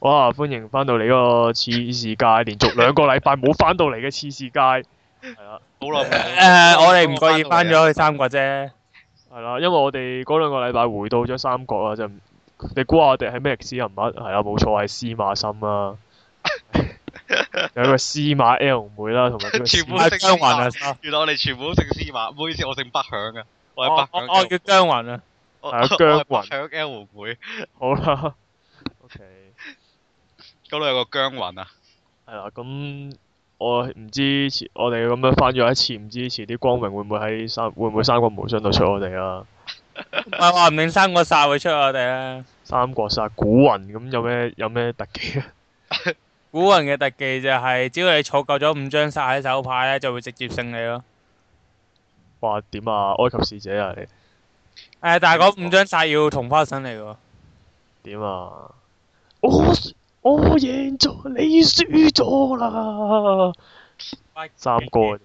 哇！歡迎翻到嚟嗰個廁士界，連續兩個禮拜冇翻到嚟嘅廁士界，係啦，好耐。誒，我哋唔介意翻咗去三國啫。係啦，因為我哋嗰兩個禮拜回到咗三國啊，就你估下我哋係咩歷史人物？係啦，冇錯係司馬懿啦。有個司馬 L 妹啦，同埋個司馬江雲啊。原來我哋全部都姓司馬，唔好意思，我姓北響嘅。我我叫江雲啊，係啊，江雲。搶 L 妹。好啦。嗰度有個僵魂啊，係啦，咁我唔知，我哋咁樣翻咗一次，唔知遲啲光榮會唔會喺三會唔會三國無雙度出我哋啊？唔話唔定三國殺會出我哋啊！三國殺古雲咁有咩有咩特技啊？ 古雲嘅特技就係、是、只要你儲夠咗五張殺喺手牌咧，就會直接勝利咯、啊。哇！點啊，埃及使者啊你？誒、欸，但係嗰五張殺要同花生嚟喎。點啊？Oh, 我贏咗，你輸咗啦！三國個啫，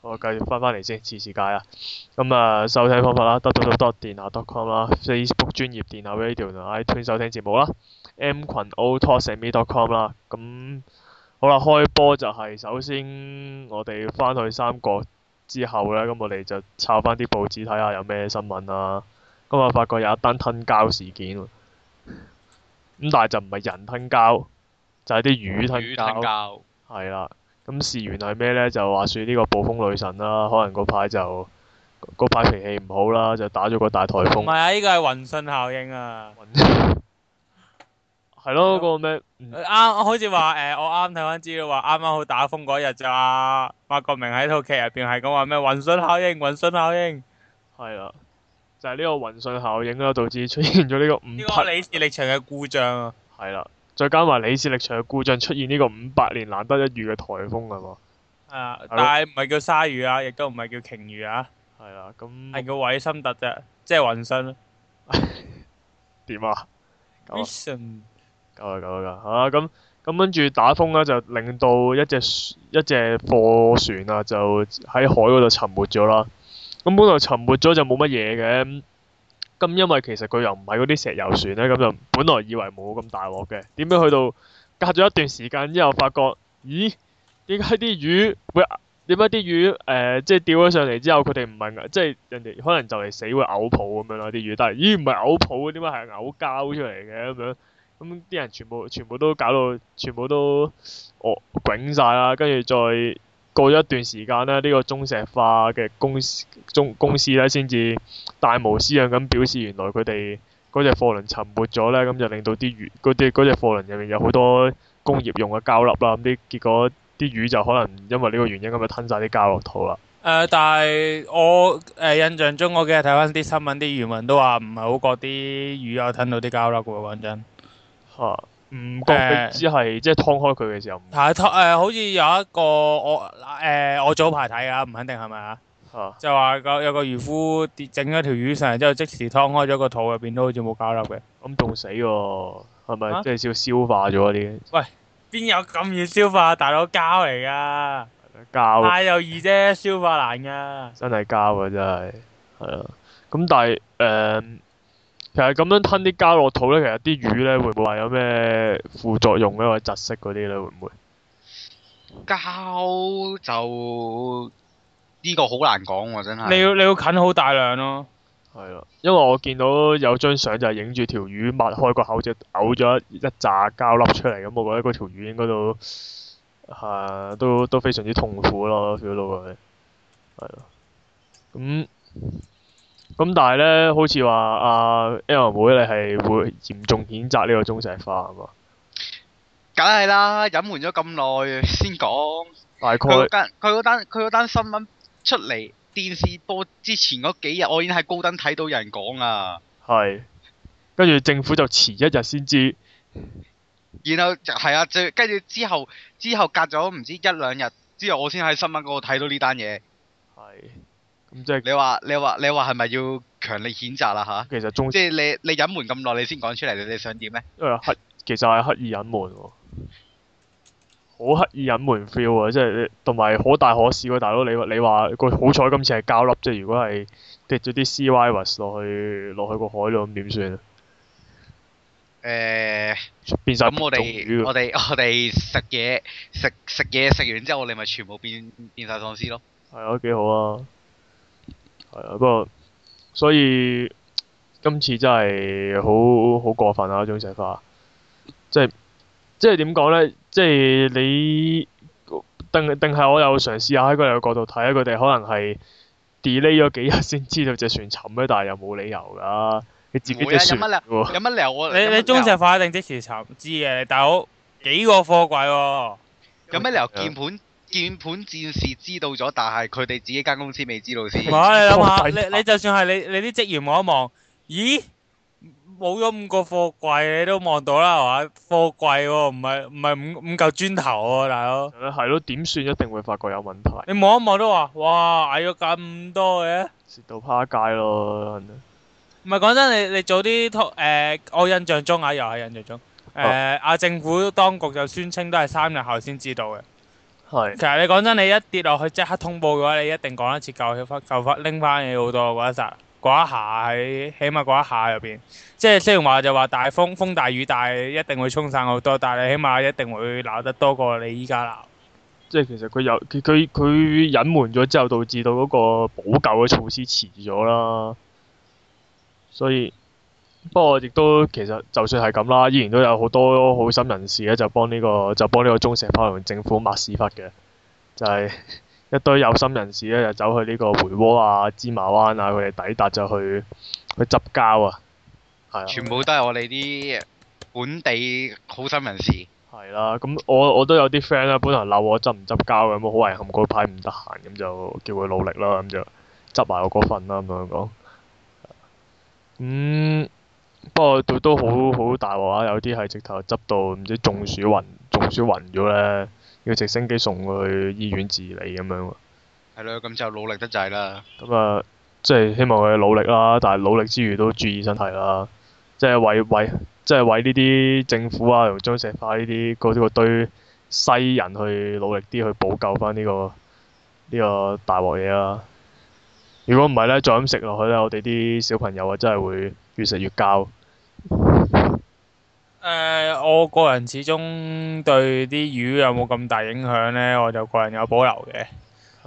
我繼續翻返嚟先，次次界啊！咁、嗯、啊，收聽方法啦 d o 多 t o dot com 啦，Facebook 專業電話 radio 同 iTunes 收聽節目啦，M 群 O t o s n d m e d o t c o m 啦，咁、嗯、好啦，開波就係首先我哋翻去三國之後咧，咁我哋就抄翻啲報紙睇下有咩新聞啊！咁、嗯、啊，發覺有一單吞膠事件喎。咁、嗯、但係就唔係人吞膠，就係、是、啲魚吞膠，係啦。咁、嗯、事緣係咩呢？就話說呢個暴風女神啦，可能嗰排就嗰排脾氣唔好啦，就打咗個大台風。唔係啊，呢個係雲信效應啊。係咯，個咩、嗯？啱、啊、好似話誒，我啱睇翻資料話，啱啱好打風嗰日咋？馬國明喺套劇入邊係講話咩？雲信效應，雲信效應。係啦。但係呢個雲信效應啦，導致出現咗呢個五，呢個李氏力場嘅故障啊。係啦，再加埋李氏力場嘅故障出現呢個五百年難得一遇嘅台風係嘛？啊、了但係唔係叫鯊魚啊，亦都唔係叫鯨魚啊。係啦，咁係個韋森特啫，即係雲信。點 啊？咁跟住打風呢，就令到一隻一隻貨船啊，就喺海嗰度沉沒咗啦。咁本來沉沒咗就冇乜嘢嘅，咁因為其實佢又唔係嗰啲石油船咧，咁就本來以為冇咁大鑊嘅。點解去到隔咗一段時間之後發覺，咦？點解啲魚會？點解啲魚誒，即係釣咗上嚟之後佢哋唔係，即係人哋可能就嚟死會嘔泡咁樣啦啲魚，但係咦唔係嘔泡，點解係嘔膠出嚟嘅咁樣？咁啲人全部全部都搞到全部都，哦，囧曬啦，跟住再。過咗一段時間呢，呢、這個中石化嘅公司中公司咧，先至大模斯樣咁表示，原來佢哋嗰隻貨輪沉沒咗咧，咁就令到啲魚嗰啲嗰隻貨輪入面有好多工業用嘅膠粒啦，咁啲結果啲魚就可能因為呢個原因咁就吞晒啲膠落肚啦。誒、呃，但係我誒、呃、印象中，我記得睇翻啲新聞，啲漁民都話唔係好覺啲魚有吞到啲膠粒嘅喎，講真。嚇、啊！唔覺，只係即係劏開佢嘅時候。係好似有一個我誒，我早排睇啊，唔肯定係咪啊。吓。就話個有個漁夫跌整咗條魚上嚟，之後即時劏開咗個肚入邊都好似冇膠粒嘅，咁凍死喎，係咪即係要消化咗啲？喂，邊有咁易消化？大佬膠嚟噶膠，太易啫，消化難噶。真係膠啊，真係。係啊，咁但係誒。其實咁樣吞啲膠落肚呢，其實啲魚呢會唔會話有咩副作用呢？或者窒息嗰啲呢，會唔會？膠就呢、呢個好難講喎，啊，真係。你要你要啃好大量咯，啊。係咯，因為我見到有張相就係影住條魚擘開個口就嘔咗一一紮膠粒出嚟，咁我覺得嗰條魚應該都係、啊、都都非常之痛苦咯，佢到佢係咯咁。咁、嗯、但係咧，好似話阿 L 妹，妹，你係會嚴重譴責呢個中石化啊嘛？梗係啦，隱瞞咗咁耐先講。大概佢單佢嗰單新聞出嚟，電視播之前嗰幾日，我已經喺高登睇到有人講啊。係。跟住政府就遲一日先知。然後就係啊，最跟住之後之後隔咗唔知一兩日之後，我先喺新聞嗰度睇到呢單嘢。係。即係你話你話你話係咪要強力譴責啦、啊、吓？其實仲即係你你隱瞞咁耐，你先講出嚟，你想點呢？誒，刻其實係刻意隱瞞喎，好刻意隱瞞 feel 啊！即係同埋可大可小啊，大佬你你話個好彩今次係膠粒，啫。如果係跌咗啲 C virus 落去落去個海度，咁點算啊？誒、欸，變晒咁、嗯、我哋我哋我哋食嘢食食嘢食完之後，我哋咪全部變變晒喪屍咯？係啊，幾好啊！係啊，不過所以今次真係好好過分啊！中石化，即係即係點講咧？即係你定定係我又嘗試下喺佢哋嘅角度睇，佢哋可能係 delay 咗幾日先知道隻船沉咧，但係又冇理由噶。你自己隻船，啊，有乜理由？理由理由 你你中石化一定即時沉？知嘅大佬幾個貨櫃喎？有乜理由鍵盤？鍵盤戰士知道咗，但係佢哋自己間公司未知道先。唔係你諗下，你想想你，你就算係你你啲職員望一望，咦，冇咗五個貨櫃，你都望到啦係嘛？貨櫃喎，唔係唔係五、嗯、五嚿磚頭啊、哦，大佬，係咯，點算一定會發覺有問題。你望一望都話，哇，矮咗咁多嘅、啊。蝕到趴街咯。唔係講真，你你早啲誒、呃，我印象中啊，又係印象中，誒、呃，阿、啊、政府當局就宣稱都係三日後先知道嘅。係，是其實你講真，你一跌落去即刻通報嘅話，你一定講一次救起翻，救翻拎翻嘢好多。我覺得一陣一下喺，起碼過一下入邊。即係雖然話就話大風風大雨大，一定會沖散好多，但係你起碼一定會鬧得多過你依家鬧。即係其實佢有佢佢佢隱瞞咗之後，導致到嗰個補救嘅措施遲咗啦，所以。不過，亦都其實就算係咁啦，依然都有好多好心人士咧，就幫呢、這個就幫呢個中石化同政府抹屎忽嘅，就係、是、一堆有心人士咧，就走去呢個回鍋啊、芝麻灣啊，佢哋抵達就去去執膠啊，係啊，全部都係我哋啲本地好心人士。係啦、啊，咁我我都有啲 friend 咧，本來鬧我執唔執膠嘅，咁好遺憾嗰排唔得閒，咁就叫佢努力啦，咁就執埋我嗰份啦，咁樣講。咁、嗯。不過都都好好大鑊啊！有啲係直頭執到唔知中暑暈，中暑暈咗呢，要直升機送佢去醫院治理咁樣。係咯，咁就努力得滯啦。咁啊、呃，即係希望佢努力啦，但係努力之餘都注意身體啦。即係為為，即係為呢啲政府啊、同張石化呢啲，嗰啲個堆西人去努力啲去補救翻呢個呢個大鑊嘢啦。如果唔係呢，再咁食落去呢，我哋啲小朋友啊，真係會越食越膠。誒、呃，我個人始終對啲魚有冇咁大影響咧，我就個人有保留嘅。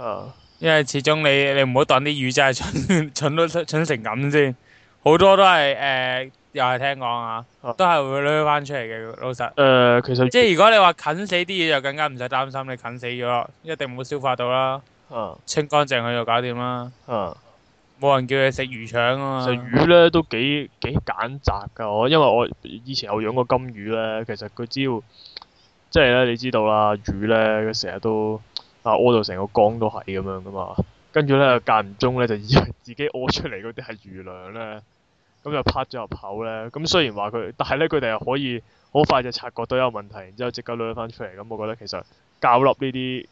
啊、因為始終你你唔好當啲魚真係蠢蠢到蠢，蠢成咁先，好多都係誒、呃，又係聽講啊，都係會甩翻出嚟嘅。老實誒、呃，其實即係如果你話近死啲嘢，就更加唔使擔心。你近死咗，一定唔會消化到啦。啊、清乾淨佢就搞掂啦。啊冇人叫佢食魚腸啊。食魚咧都幾幾揀擇㗎我，因為我以前有養過金魚咧，其實佢只要，即係咧你知道啦，魚咧佢成日都啊屙到成個缸都係咁樣噶嘛，跟住咧間唔中咧就以為自己屙出嚟嗰啲係魚糧咧，咁、嗯、就啪咗入口咧，咁、嗯、雖然話佢，但係咧佢哋又可以好快就察覺到有問題，然之後即刻攞翻出嚟，咁、嗯、我覺得其實膠粒呢啲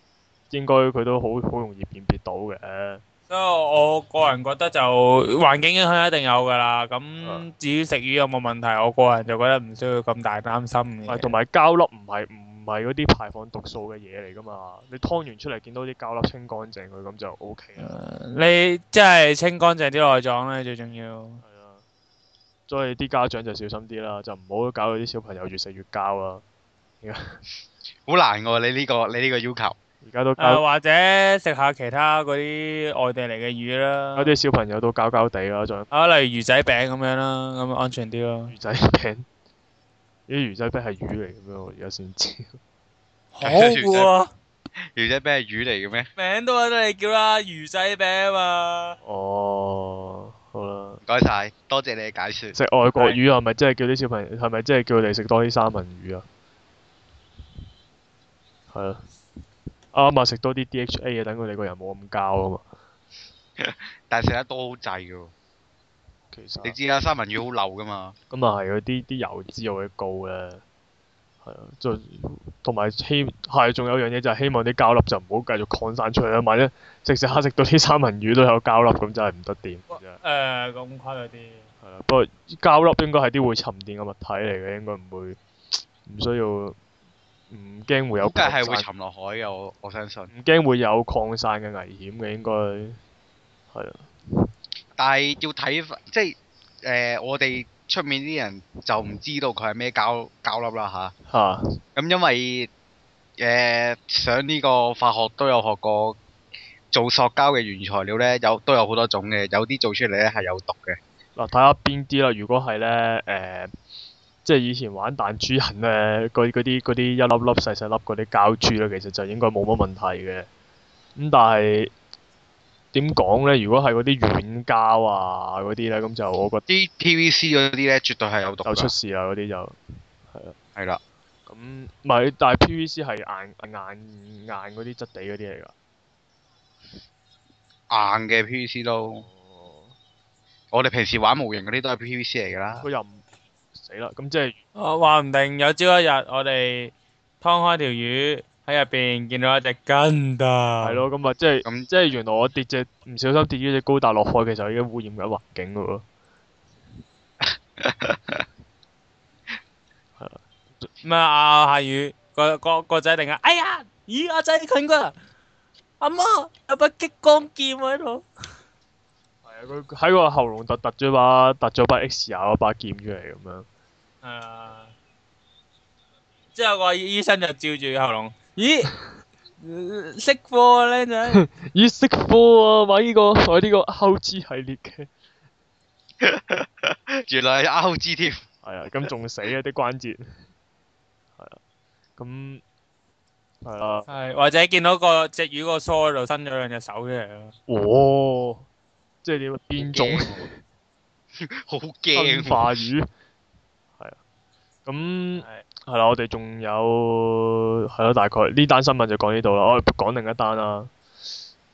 應該佢都好好容易辨別到嘅。所以、so, 我個人覺得就環境影響一定有噶啦，咁至於食魚有冇問題，我個人就覺得唔需要咁大擔心同埋 Yeah. 膠粒唔係唔係嗰啲排放毒素嘅嘢嚟噶嘛，你劏完出嚟見到啲膠粒清乾淨佢咁就 O K 啦。Yeah. 你即係清乾淨啲內臟呢，最重要。係啊，所以啲家長就小心啲啦，就唔好搞到啲小朋友越食越膠 啊！好難喎，你呢個你呢個要求。而家誒，或者食下其他嗰啲外地嚟嘅魚啦。而啲小朋友都搞搞地啦，仲。啊，例如魚仔餅咁樣啦，啊，咁安全啲啦，啊啊。魚仔餅？啲魚仔餅係魚嚟嘅咩？我先知。可？魚仔餅係魚嚟嘅咩？名都係叫啦魚仔餅啊嘛。哦，好啦，唔該晒，多謝你嘅解說。食外國魚係咪即係叫啲小朋友？係咪即係叫佢哋食多啲三文魚啊？係啊。啱啊！食多啲 DHA 啊，等佢哋個人冇咁膠啊嘛。 但係食得多好滯㗎喎。其實。你知啦，三文魚好流噶嘛。咁啊係，嗰啲啲油脂又會高嘅，係啊，就同埋希係仲有樣嘢就係、是、希望啲膠粒就唔好繼續擴散出去啦。萬一食食下食到啲三文魚都有膠粒咁，真係唔得掂。誒、呃，咁誇咗啲。係、嗯、啊，不過膠粒應該係啲會沉澱嘅物體嚟嘅，應該唔會唔需要。唔驚會有，即係會沉落海嘅，我我相信。唔驚會有擴散嘅危險嘅，應該係、呃、啊。但係要睇，即係誒，我哋出面啲人就唔知道佢係咩膠膠粒啦嚇。嚇！咁因為誒、呃、上呢個化學都有學過，做塑膠嘅原材料咧，有都有好多種嘅，有啲做出嚟咧係有毒嘅。嗱、啊，睇下邊啲啦，如果係咧誒。呃即係以前玩彈珠人咧，嗰啲啲一粒粒細細粒嗰啲膠珠咧，其實就應該冇乜問題嘅。咁、嗯、但係點講咧？如果係嗰啲軟膠啊嗰啲咧，咁就我覺得啲 PVC 嗰啲咧，絕對係有毒。就出事啊！嗰啲就係啊，係啦。咁唔係，但係 PVC 係硬硬硬嗰啲質地嗰啲嚟㗎。硬嘅 PVC 都，嗯、我哋平時玩模型嗰啲都係 PVC 嚟㗎啦。佢又唔？死啦！咁即係，話唔定有朝一日我哋劏開條魚喺入邊見到一隻筋噶。係咯，咁啊，即係，咁即係，原來我跌隻唔小心跌咗隻高達落海，其實已經污染緊環境噶咯。咩啊？下雨個個個仔定啊！哎呀，咦？阿仔近過嚟？阿媽有把激光劍喺度。係啊，佢喺個喉嚨突突咗把突咗把 XR 一把劍出嚟咁樣。嗯嗯、啊，之後、個醫生就照住喉嚨。咦，識貨靚仔，咦，識貨啊！玩呢個玩呢個 RG 系列嘅，原來係 RG 添。係啊，咁仲死啊啲關節。係啊，咁係啊。係或者見到個隻魚個梳度伸咗兩隻手出嚟啊。哦，即係點變種好？好驚、啊。化魚。咁係啦，我哋仲有係咯，大概呢單新聞就講呢度啦。我講另一單、呃、啊，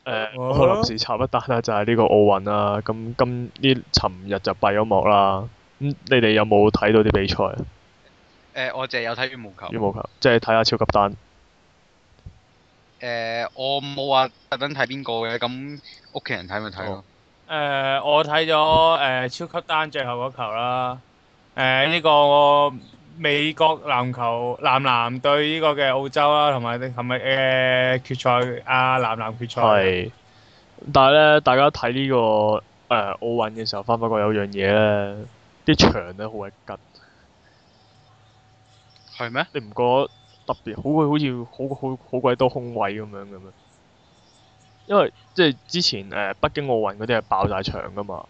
誒，我臨時插一單啦，就係呢個奧運啦。咁今呢尋日就閉咗幕啦。咁你哋有冇睇到啲比賽？誒，我淨係有睇羽毛球，羽毛球，即係睇下超級丹。誒、呃，我冇話特登睇邊個嘅，咁屋企人睇咪睇咯。誒、哦呃，我睇咗誒超級丹最後嗰球啦。誒、呃、呢、這個我。美國籃球男籃對呢個嘅澳洲啦，同埋啲係咪誒決賽啊男籃決賽，係。但係咧，大家睇呢個誒奧運嘅時候，發覺有樣嘢咧，啲場咧好鬼吉。係咩？你唔覺得特別好？好似好好好鬼多空位咁樣，咁樣因為即係、就是、之前誒、呃、北京奧運嗰啲係爆曬場噶嘛。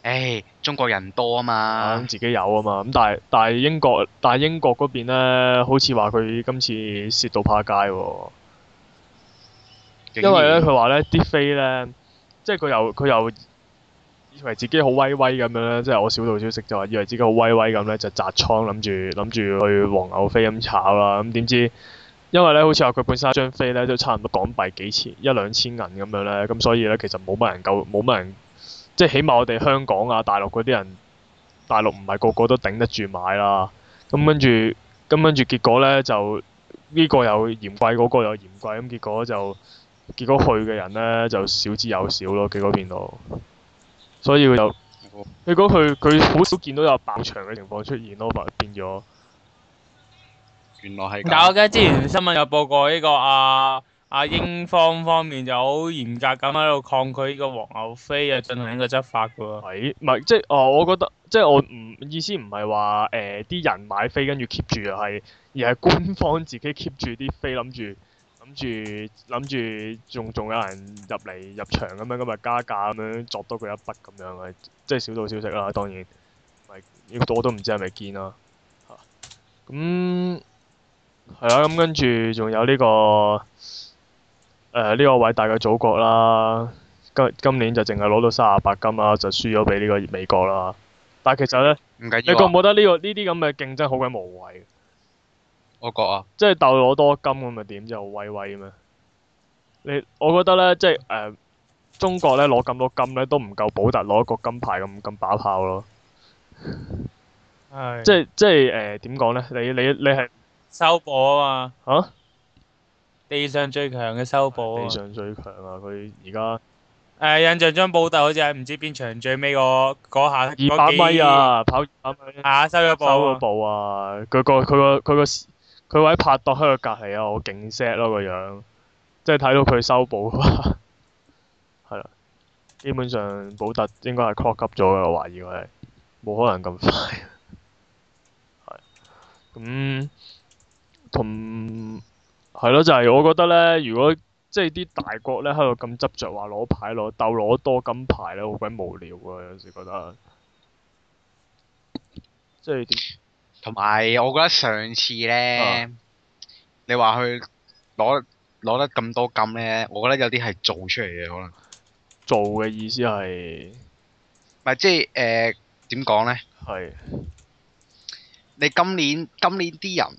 誒、哎，中國人多嘛啊嘛，自己有啊嘛，咁但係但係英國，但係英國嗰邊咧，好似話佢今次蝕到趴街喎。因為呢，佢話呢啲飛呢，即係佢又佢又以為自己好威威咁樣呢，即係我小道消息就話以為自己好威威咁呢，就砸倉，諗住諗住去黃牛飛咁炒啦，咁點知？因為呢，好似話佢本身一張飛咧都差唔多港幣幾千、一兩千銀咁樣呢。咁所以呢，其實冇乜人夠，冇乜人。即係起碼我哋香港啊，大陸嗰啲人，大陸唔係個個都頂得住買啦。咁跟住，咁跟住結果呢，就，呢、這個又嫌貴，嗰、那個又嫌貴，咁、嗯、結果就，結果去嘅人呢就少之又少咯，結果變到，所以佢就，結果佢佢好少見到有爆場嘅情況出現咯，變咗。原來係。但我記得，之前新聞有報過呢個啊。阿、啊、英方方面就好嚴格咁喺度抗拒呢個黃牛飛啊，進行呢個執法嘅喎。係，唔係即係哦、呃？我覺得即係我唔意思唔係話誒啲人買飛跟住 keep 住係，而係官方自己 keep 住啲飛，諗住諗住諗住仲仲有人入嚟入場咁樣咁啊加價咁樣作多佢一筆咁樣啊，即係小道消息啦，當然，唔係，我都唔知係咪堅啊。嚇，咁係啊，咁跟住仲有呢、這個。呢、呃、這個偉大嘅祖國啦，今今年就淨係攞到三十八金啦，就輸咗俾呢個美國啦。但係其實呢，啊、你覺唔、這個、覺得呢個呢啲咁嘅競爭好鬼無謂？我覺啊，即係鬥攞多金咁咪點就威威咩？你我覺得呢，即係、呃、中國呢，攞咁多金呢都唔夠保達攞一個金牌咁咁把炮咯。唉即係即係誒，點講呢？你你你係收貨啊嘛？啊地上最強嘅修補啊！地上最強啊！佢而家誒，印象中保特好似喺唔知邊場最尾個嗰下，二百米啊，跑下修咗步啊，修咗步啊！佢個佢個佢個佢位拍檔喺佢隔籬啊，我勁 set 咯個樣，即係睇到佢修補啊，係 啦，基本上保特應該係 clock up 咗嘅，我懷疑係冇可能咁快，係咁同。嗯係咯，就係、是、我覺得咧，如果即係啲大國咧喺度咁執着話攞牌攞鬥攞多金牌咧，好鬼無聊噶，有時覺得。即係點？同埋我覺得上次咧，啊、你話佢攞攞得咁多金咧，我覺得有啲係做出嚟嘅可能。我覺得做嘅意思係，唔係即係誒點講咧？係、呃。的你今年今年啲人？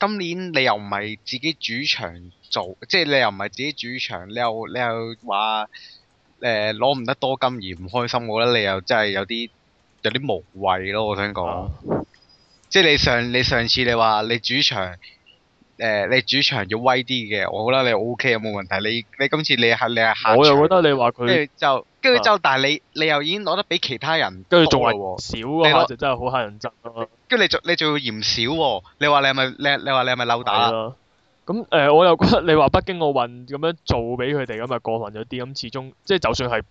今年你又唔係自己主場做，即係你又唔係自己主場，你又你又話誒攞唔得多金而唔開心，我覺得你又真係有啲有啲無謂咯，我想講。啊、即係你上你上次你話你主場誒、呃、你主場要威啲嘅，我覺得你 OK 啊，冇問題。你你今次你係你係客場，我又覺得你話佢就。跟住之後，但係你你又已經攞得比其他人，跟住仲係少喎拿、啊，你話就真係好乞人憎，跟住你仲你仲要嫌少喎、哦，你話你係咪你你話你係咪嬲底咯？咁誒、呃，我又覺得你話北京奧運咁樣做俾佢哋咁就過分咗啲，咁始終即係就算係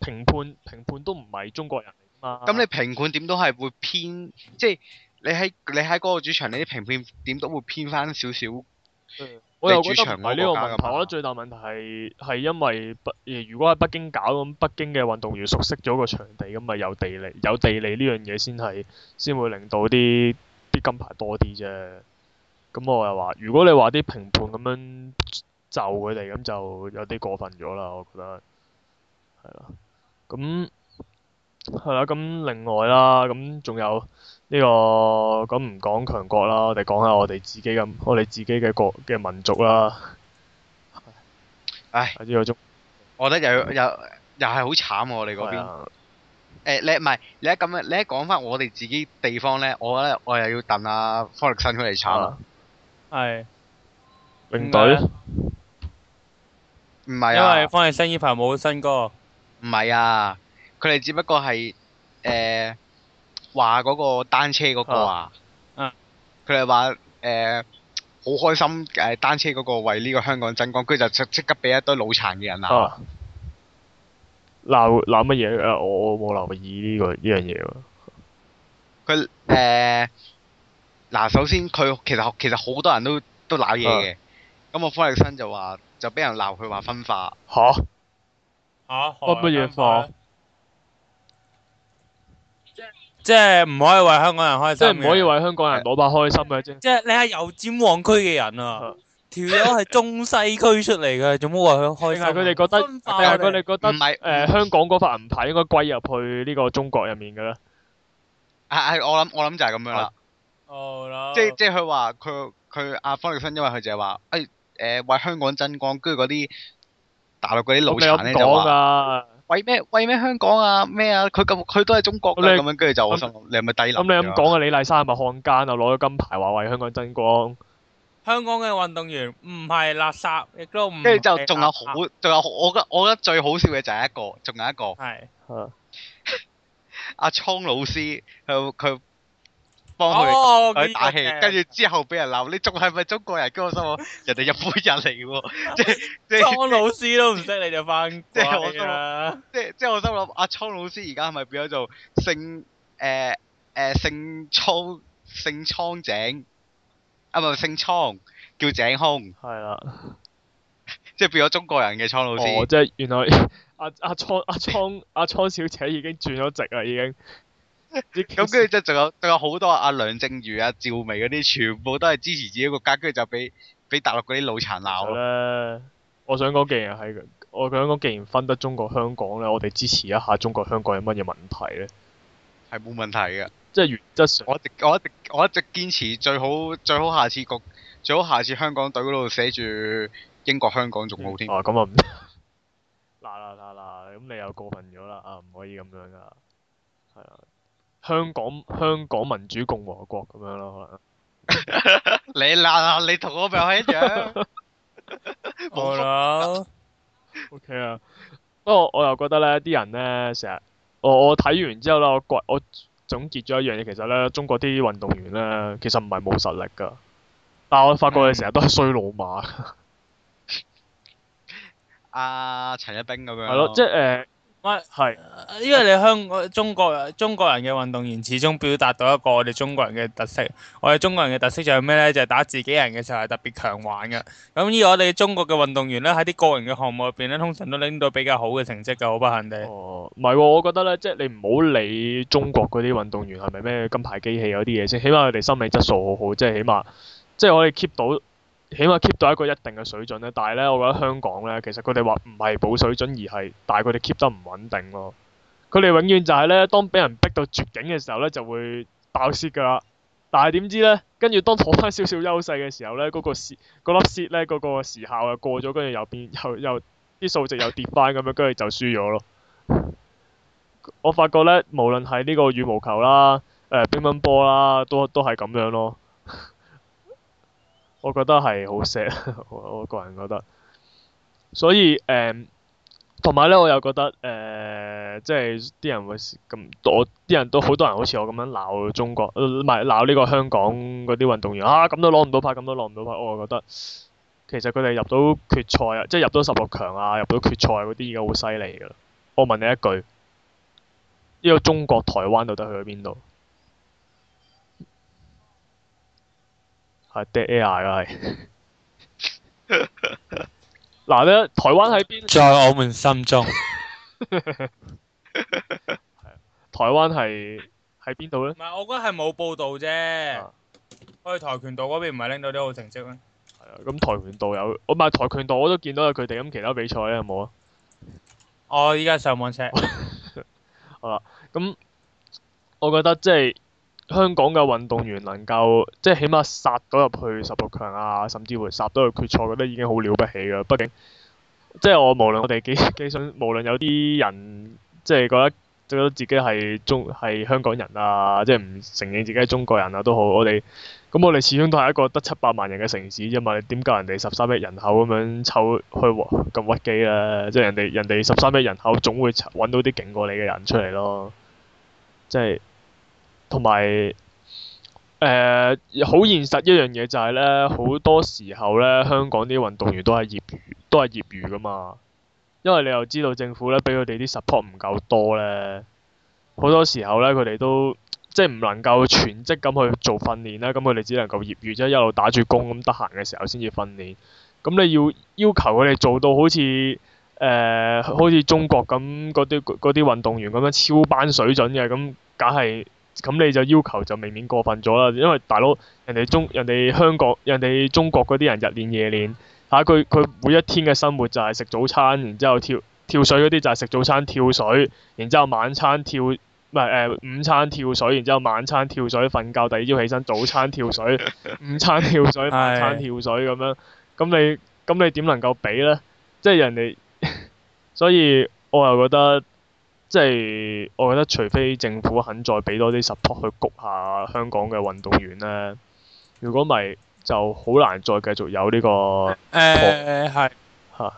評判評判都唔係中國人嚟嘛。咁你評判點都係會偏，即、就、係、是、你喺你喺嗰個主場，你啲評判點都會偏返少少。我又覺得唔係呢個問題，場我覺得最大問題係係因為北，如果喺北京搞咁，北京嘅運動員熟悉咗個場地咁，咪有地利。有地利呢樣嘢先係，先會令到啲啲金牌多啲啫。咁我又話，如果你話啲評判咁樣就佢哋，咁就有啲過分咗啦，我覺得。係啦。咁。係啦，咁另外啦，咁仲有。.呢、這個咁唔講，講強國啦，我哋講下我哋自己咁，我哋自己嘅國嘅民族啦。唉，我知我覺得又又又係好慘喎、啊！我哋嗰邊。啊欸、你唔係你一咁樣，你一講翻我哋自己地方咧，我咧我又要揼阿、啊、方力申佢哋慘。係、啊。啊、泳隊。唔係啊。因為方力申呢排冇新歌。唔係啊！佢哋只不過係誒。欸話嗰個單車嗰個啊，佢哋話誒好開心誒、呃、單車嗰個為呢個香港爭光，跟住就即即刻俾一堆腦殘嘅人鬧，鬧鬧乜嘢啊？我我冇留意呢、呢個呢樣嘢喎。佢誒嗱，首先佢其實其實好多人都都鬧嘢嘅，咁我、啊啊、方力申就話就俾人鬧佢話分化，嚇嚇乜嘢化？啊。即係唔可以為香港人開心，即係唔可以為香港人攞把開心嘅啫。即係你係油尖旺區嘅人啊，條友係中西區出嚟嘅，做乜為香港開心？佢哋覺得，佢哋覺得唔係誒，香港嗰塊銀牌應該歸入去呢個中國入面嘅咧。係係，我諗我諗就係咁樣啦。即即係佢話佢佢阿方玉芬因為佢就係話誒誒為香港爭光，跟住嗰啲大陸嗰啲老殘咧就話。為咩？為咩香港啊？咩啊？佢咁，佢都係中國噶咁你樣，跟住就我、嗯、你係咪抵諗咁你咁講啊？李麗珊係咪漢奸啊？攞咗金牌話為香港爭光。香港嘅運動員唔係垃圾，亦都唔。跟住就仲有好，仲有我覺得，我覺得最好笑嘅就係一個，仲有一個。係是。阿倉、 啊、老師，佢佢。幫佢打氣，哎、跟住之後俾人鬧，你仲係咪中國人？跟住我心諗，人哋日本人嚟嘅喎，即係蒼老師都唔識你就返，即係我即係即係我心諗阿蒼老師而家係咪變咗做姓誒誒姓蒼姓蒼井，啊唔係姓蒼叫井空，係啦，即係變咗中國人嘅蒼老師。哦，即係原來阿阿蒼阿蒼阿蒼小姐已經轉咗職啦，已經。咁跟住即係仲有仲有好多阿、啊、梁靜茹阿趙薇嗰啲，全部都係支持自己國家，跟住就俾俾大陸嗰啲腦殘鬧啦。我想講既然係，我想講既然分得中國香港咧，我哋支持一下中國香港有乜嘢問題咧？係冇問題嘅，即係原則上，我一直我一直我一直堅持最好最好下次局最好下次香港隊嗰度寫住英國香港仲好添、嗯。啊咁啊！嗱嗱嗱嗱，咁 你又過分咗啦！啊，唔可以咁樣噶，係啊。香港香港民主共和國咁樣咯，可能你嗱你同我表兄一樣，冇啦。OK 啊，不過我又覺得咧，啲人咧成日，我我睇完之後咧，我覺我總結咗一樣嘢，其實咧，中國啲運動員咧，其實唔係冇實力噶，但係我發覺佢成日都係衰老馬。阿陳一冰咁樣。係咯，即係誒。咪係，是因為你香中國中國人嘅運動員始終表達到一個我哋中國人嘅特色。我哋中國人嘅特色就係咩呢？就係、是、打自己人嘅時候係特別強玩㗎。咁依我哋中國嘅運動員呢，喺啲個人嘅項目入邊呢，通常都拎到比較好嘅成績㗎，好不幸地。哦，唔係、哦，我覺得呢，即、就、係、是、你唔好理中國嗰啲運動員係咪咩金牌機器嗰啲嘢先，起碼佢哋心理質素好好，即、就、係、是、起碼即係可以 keep 到。起碼 keep 到一個一定嘅水準呢，但係呢，我覺得香港呢，其實佢哋話唔係冇水準而，而係但係佢哋 keep 得唔穩定咯。佢哋永遠就係呢，當俾人逼到絕境嘅時候呢，就會爆蝕㗎。但係點知呢，跟住當攞翻少少優勢嘅時候呢，嗰、那個嗰粒蝕呢，嗰、嗰個時效又過咗，跟住又變又又啲、嗰個、數值又跌翻咁樣，跟住就輸咗咯。我發覺呢，無論係呢個羽毛球啦、乒、呃、乓波啦，都都係咁樣咯。我覺得係好錫，我個人覺得。所以誒，同埋呢，我又覺得誒，即係啲人會咁多，啲人都好多人好似我咁樣鬧中國，唔係鬧呢個香港嗰啲運動員啊，咁都攞唔到牌，咁都攞唔到牌，我覺得。其實佢哋入到決賽啊，即係入到十六強啊，入到決賽嗰啲已經好犀利噶啦。我問你一句，呢個中國台灣到底去到邊度？係 Dear，係嗱咧，台灣喺邊？在我們心中，係啊，台灣係喺邊度咧？唔係，我覺得係冇報道啫。我哋跆拳道嗰邊唔係拎到啲好成績咩？係啊，咁跆拳道有，我唔係跆拳道我都見到有佢哋咁其他比賽咧，有冇啊？我依家上網 check。好啦，咁我覺得即係。香港嘅運動員能夠即係起碼殺到入去十六強啊，甚至乎殺到去決賽，覺得已經好了不起㗎。畢竟，即係我無論我哋幾幾想，無論有啲人即係覺得覺得自己係中係香港人啊，即係唔承認自己係中國人啊都好，我哋咁我哋始終都係一個得七百萬人嘅城市啫嘛。你點夠人哋十三億人口咁樣湊去和咁屈機啊？即係人哋人哋十三億人口總會揾到啲勁過你嘅人出嚟咯，即係。同埋誒好現實一樣嘢就係呢，好多時候呢，香港啲運動員都係業餘，都係業餘㗎嘛。因為你又知道政府呢，畀佢哋啲 support 唔夠多呢。好多時候呢，佢哋都即係唔能夠全職咁去做訓練啦。咁佢哋只能夠業餘啫，一路打住工咁，得閒嘅時候先至訓練。咁你要要求佢哋做到好似誒、呃，好似中國咁嗰啲嗰啲運動員咁樣超班水準嘅咁，梗係。咁你就要求就未免過分咗啦，因為大佬人哋中人哋香港人哋中國嗰啲人日練夜練，嚇，佢佢每一天嘅生活就係食早餐，然之後跳跳水，嗰啲就係食早餐跳水，然之後晚餐跳，唔係，誒午餐跳水，然之後晚餐跳水瞓覺，第二朝起身早餐跳水，午餐跳水，晚餐跳水咁樣，咁你咁你點能夠比咧？即係人哋， 所以我又覺得。即係我覺得，除非政府肯再俾多啲 support 去谷下香港嘅運動員呢，如果唔係就好難再繼續有呢、這個。誒係、欸。嚇、欸！啊、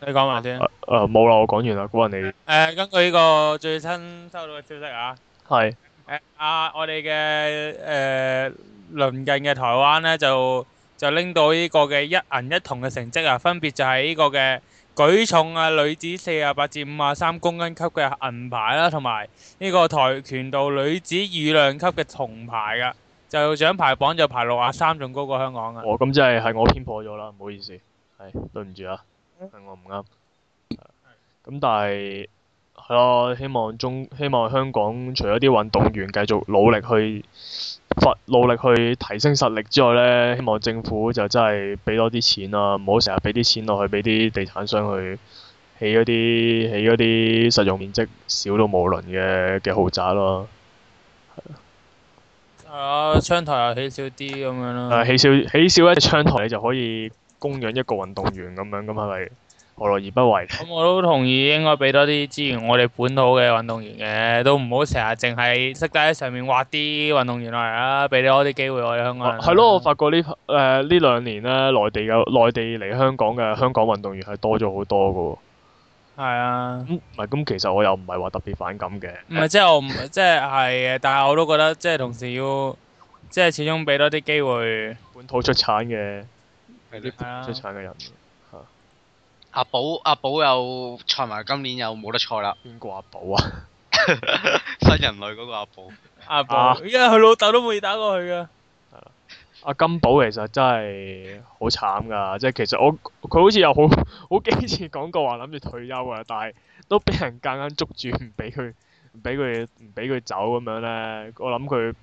你講埋先。誒冇啦，我講完啦，估下你。誒、欸，根據呢個最新收到嘅消息啊。係是。誒啊，啊！我哋嘅誒鄰近嘅台灣呢，就就拎到呢個嘅一銀一銅嘅成績啊，分別就係呢個嘅。舉重啊，女子四啊八至五啊三公斤級嘅銀牌啦，同埋呢個跆拳道女子羽量級嘅銅牌噶，就獎牌榜就排六啊三，仲高過香港啊。哦，咁即係係我偏頗咗啦，唔好意思，係對唔住啊，係我唔啱。咁但係係咯，希望中希望香港除咗啲運動員繼續努力去。發努力去提升實力之外呢，希望政府就真係畀多啲錢啊，唔好成日畀啲錢落去畀啲地產商去起嗰啲起嗰啲實用面積少到無倫嘅嘅豪宅咯。係啊，窗台啊，起少啲咁樣咯、啊啊。起少起少一隻窗台，你就可以供養一個運動員咁樣咁係咪？何樂而不為，嗯？咁我都同意，應該俾多啲資源我哋本土嘅運動員嘅，都唔好成日淨係識得喺上面挖啲運動員落嚟啊！俾多啲機會我哋香港人。係咯，啊，我發覺呢，誒呢兩年咧，內地有內地嚟香港嘅香港運動員係多咗好多嘅喎。係啊。唔係咁，其實我又唔係話特別反感嘅。唔係即係我唔即係嘅，但係我都覺得，覺得即係同時要即係始終俾多啲機會本土出產嘅係吧出產嘅人。阿寶阿寶又賽埋今年又冇得賽啦。邊個阿寶啊？ 新人類嗰個阿寶。阿寶寶，啊、因為佢老豆都未打過佢噶。阿、啊、金寶其實真係好慘噶，即係其實我佢好似有好好幾次講過話諗住退休啊，但係都俾人夾硬捉住唔俾佢唔俾佢唔俾佢走咁樣咧。我諗佢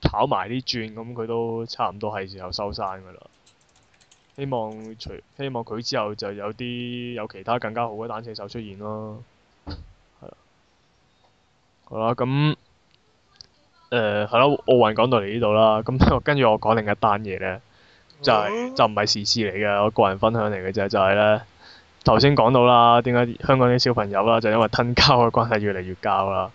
跑埋啲轉，咁佢都差唔多係時候收山噶啦。希望除希望佢之後就有啲有其他更加好嘅單車手出現咯，係啦，好啦咁，誒、嗯，係、呃、咯，奧運講到嚟呢度啦，咁、嗯、跟住我講另一單嘢咧，就係、是、就唔係時事嚟嘅，我個人分享嚟嘅啫，就係咧頭先講到啦，點解香港啲小朋友啦，就是、因為吞膠嘅關係越嚟越膠啦。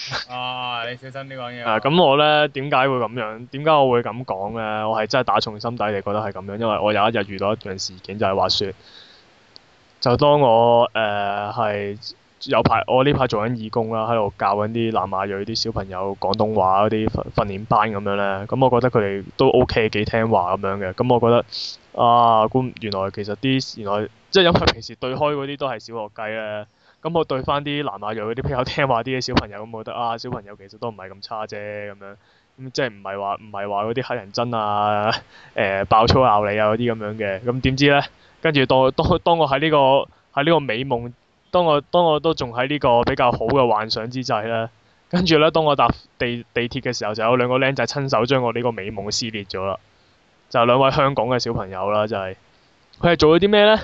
啊！你小心啲講嘢。咁、啊、我呢點解會咁樣？點解我會咁講呢？我係真係打從心底嚟覺得係咁樣，因為我有一日遇到一樣事件就係、是、話説。就當我誒係、呃、有排，我呢排做緊義工啦，喺度教緊啲南亞裔啲小朋友廣東話嗰啲訓練班咁樣呢。」咁我覺得佢哋都 OK 幾聽話咁樣嘅。咁我覺得啊，原來其實啲原來即係、就是、因為平時對開嗰啲都係小學雞呢。」咁、嗯、我對翻啲南亞裔嗰啲比較聽話啲嘅小朋友，咁我覺得啊，小朋友其實都唔係咁差啫，咁樣，咁、嗯、即係唔係話唔係話嗰啲乞人憎啊，誒、呃、爆粗鬧你啊嗰啲咁樣嘅，咁、嗯、點知呢？跟住當當當我喺呢、這個喺呢個美夢，當我當我都仲喺呢個比較好嘅幻想之際呢，跟住呢，當我搭地地鐵嘅時候，就有兩個僆仔親手將我呢個美夢撕裂咗啦，就係、是、兩位香港嘅小朋友啦，就係、是，佢係做咗啲咩呢？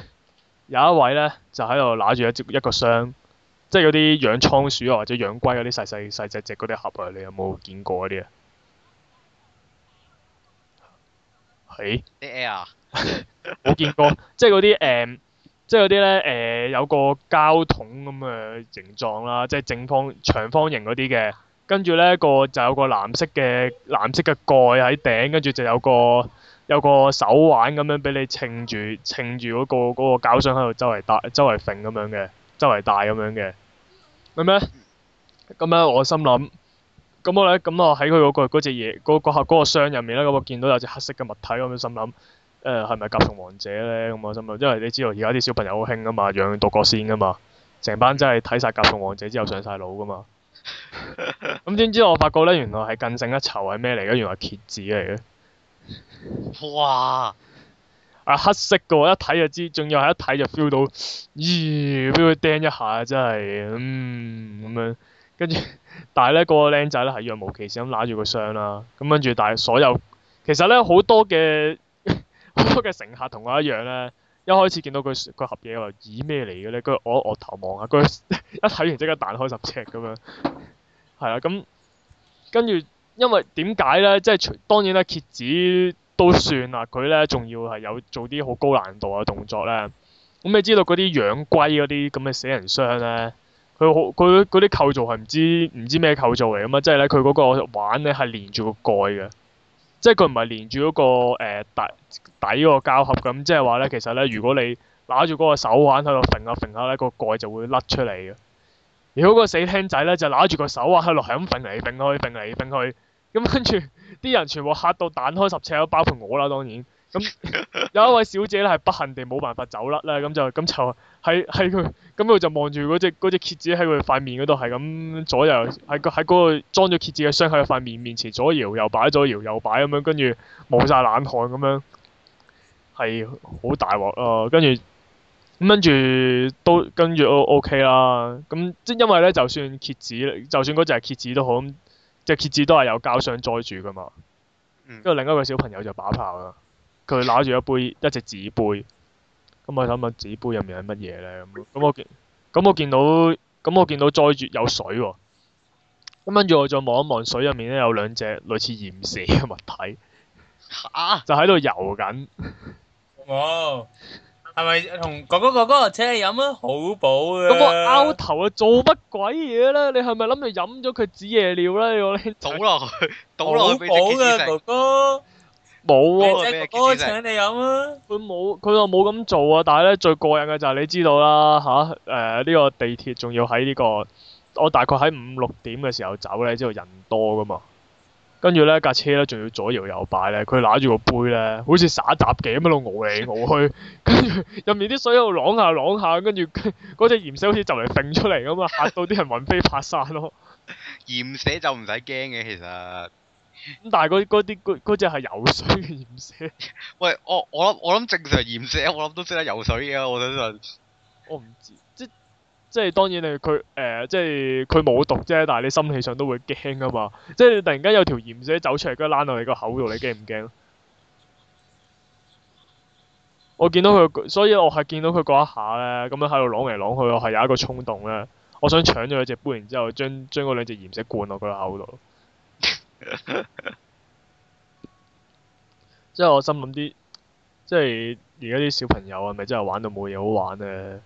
有一位呢，就喺度揦住一一個箱，即係嗰啲養倉鼠啊或者養龜嗰啲細細細隻隻嗰啲盒啊，你有冇見過嗰啲啊？係啲 air？冇見過， 即係嗰啲誒，即係嗰啲呢。誒、呃，有個膠桶咁嘅形狀啦，即係正方長方形嗰啲嘅，跟住呢，個就有個藍色嘅藍色嘅蓋喺頂，跟住就有個。有個手腕咁樣俾你撐住，撐住嗰、嗰個嗰個膠、嗰個、箱喺度周圍帶，周圍揈咁樣嘅，周圍帶咁樣嘅，明咩？咁咧我心諗，咁我咧咁我喺佢嗰個隻嘢，嗰盒嗰個箱入面呢，咁我見、嗰個嗰個嗰個嗰個、到有隻黑色嘅物體，咁樣心諗，誒係咪甲蟲王者呢？咁我心諗，因為你知道而家啲小朋友好興噶嘛，養獨角仙噶嘛，成班真係睇晒甲蟲王者之後上晒腦噶嘛。咁點知我發覺呢，原來係更勝一籌係咩嚟嘅？原來蠍子嚟嘅。哇！啊，黑色嘅喎，一睇就知，仲要係一睇就 feel 到，咦，俾佢釘一下真係，嗯，咁樣，跟住，但係呢個僆仔呢，係若無其事咁揦住個箱啦，咁跟住但係所有，其實呢，好多嘅，好多嘅乘客同我一樣呢，一開始見到佢個盒嘢喎，咦咩嚟嘅咧？佢我我頭望下佢，一睇完即刻彈開十尺咁樣，係啊，咁，跟住。因為點解呢？即係當然啦，蠍子都算啦。佢呢仲要係有做啲好高難度嘅動作呢。咁你知道嗰啲養龜嗰啲咁嘅死人箱呢？佢好佢嗰啲構造係唔知唔知咩構造嚟噶嘛？即係呢，佢嗰個碗呢係連住個蓋嘅，即係佢唔係連住嗰個誒底底嗰個膠盒咁。即係話呢，其實呢，如果你攞住嗰個手腕喺度揈下揈下呢，個蓋就會甩出嚟嘅。如果個死僆仔呢，就攞住個手腕喺度係咁揈嚟揈去揈嚟揈去。咁跟住啲人全部嚇到彈開十尺咯，包括我啦當然。咁、嗯、有一位小姐咧係不幸地冇辦法走甩啦咧，咁、嗯、就咁、嗯、就喺喺佢，咁佢、嗯、就望住嗰隻嗰隻蠍子喺佢塊面嗰度，係咁左右喺個喺嗰個裝咗蠍子嘅箱喺佢塊面面前左搖右擺左搖右擺咁樣，跟住冇晒冷汗咁樣，係好大鑊啊！跟住咁跟住都跟住都 OK 啦。咁、嗯、即因為咧，就算蠍子，就算嗰隻係蠍子都好。隻蠍子都係有膠箱載住噶嘛，跟住、嗯、另一個小朋友就把炮啦，佢攞住一杯一隻紙杯，咁我諗下紙杯入面係乜嘢呢？咁，我見到咁我見到載住有水喎、哦，咁跟住我再望一望水入面呢有兩隻類似鹽蛇嘅物體，啊、就喺度游緊，啊 係咪同哥哥哥哥請你飲啊？好補啊。咁個拗頭啊，做乜鬼嘢咧？你係咪諗住飲咗佢止夜尿咧？你倒落去，倒落去補嘅哥哥。冇啊！哥哥請你飲啊！佢冇，佢又冇咁做啊。但係咧，最過癮嘅就係你知道啦吓。誒，呢個地鐵仲要喺呢個，我大概喺五六點嘅時候走咧，之後人多噶嘛。跟住咧架車咧，仲要左搖右擺咧，佢揦住個杯咧，好似耍雜技咁樣，戇嚟戇去。跟住入面啲水喺度啷下啷下，跟住嗰隻鹽蛇好似就嚟揈出嚟咁啊！ 嚇到啲人魂飛魄散咯。鹽蛇就唔使驚嘅，其實。咁但係嗰啲嗰嗰隻係游水嘅鹽蛇。 喂，我我諗我諗正常鹽蛇，我諗都識得游水嘅，我覺得。我唔知，即即係，當然你，佢、呃、誒，即係佢冇毒啫，但係你心理上都會驚㗎嘛！即係你突然間有條鹽蛇走出嚟，跟住躝落你個口度，你驚唔驚？我見到佢，所以我係見到佢嗰一下呢，咁樣喺度攞嚟攞去，我係有一個衝動呢，我想搶咗佢隻杯，然之後將將嗰兩隻鹽蛇灌落佢個口度。 即係我心諗啲，即係而家啲小朋友係咪真係玩到冇嘢好玩呢？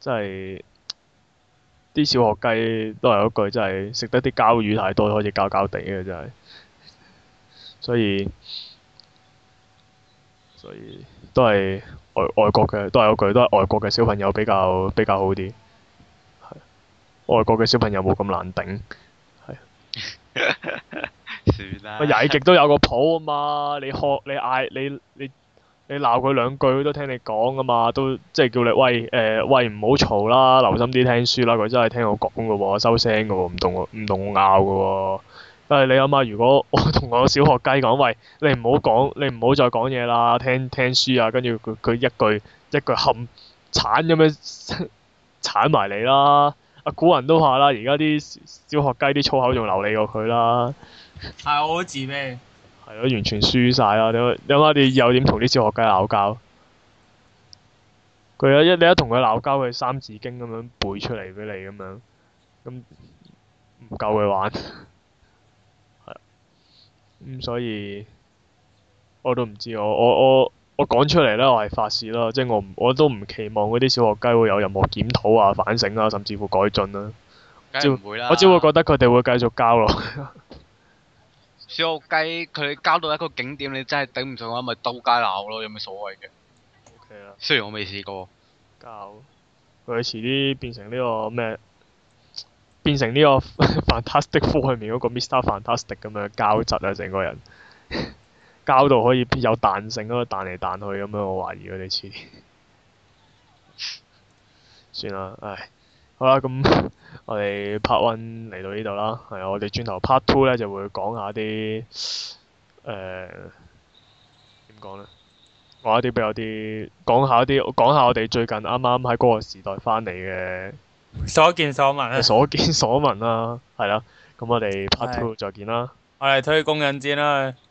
即係啲小學雞都係嗰句，真係食得啲膠魚太多，開始膠膠哋嘅真係。所以，所以都係外外國嘅，都係嗰句，都係外國嘅小朋友比較比較好啲。係。外國嘅小朋友冇咁難頂，係 算啦了。曳極都有個譜啊嘛！你學你嗌你你。你你你鬧佢兩句，佢都聽你講噶嘛，都即係叫你喂誒、呃、喂唔好嘈啦，留心啲聽書啦。佢真係聽我講噶喎，收聲噶喎，唔同我唔同我拗噶喎。但係你諗下，如果我同我小學雞講喂，你唔好講，你唔好再講嘢啦，聽聽書啊，跟住佢佢一句一句冚鏟咁樣鏟埋你啦。啊，古人都話啦，而家啲小學雞啲粗口仲流利過佢啦。係我自咩？係咯，完全輸晒啦！你話，你話，你又點同啲小學雞鬧交？佢一一你一同佢鬧交，佢《三字經》咁樣背出嚟俾你咁樣，咁唔夠佢玩。係。 咁、嗯、所以，我都唔知我我我我講出嚟呢，我係發洩啦，即係我我都唔期望嗰啲小學雞會有任何檢討啊、反省啊，甚至乎改進啊。梗係唔會啦！我只會覺得佢哋會繼續交咯。 小雞佢交到一個景點，你真係頂唔順嘅咪到街鬧咯，有咩所謂嘅？O K 啦。Okay、了雖然我未試過。交。佢遲啲變成呢、這個咩？變成呢、這個 Fantastic Four 入面嗰個 Mr. Fantastic 咁樣交集啊，成個人交到可以有彈性咯，彈嚟彈去咁樣，我懷疑佢哋遲啲。 算啦，唉，好啦，咁。我哋 part one 嚟到呢度啦，係啊，我哋轉頭 part two 咧就會講一下啲誒點講呢？講下啲比較啲，講一下啲講下我哋最近啱啱喺嗰個時代翻嚟嘅所見所聞、啊，所見所聞啦、啊，係啦，咁我哋 part two 再見啦，我哋推工人戰啦、啊、～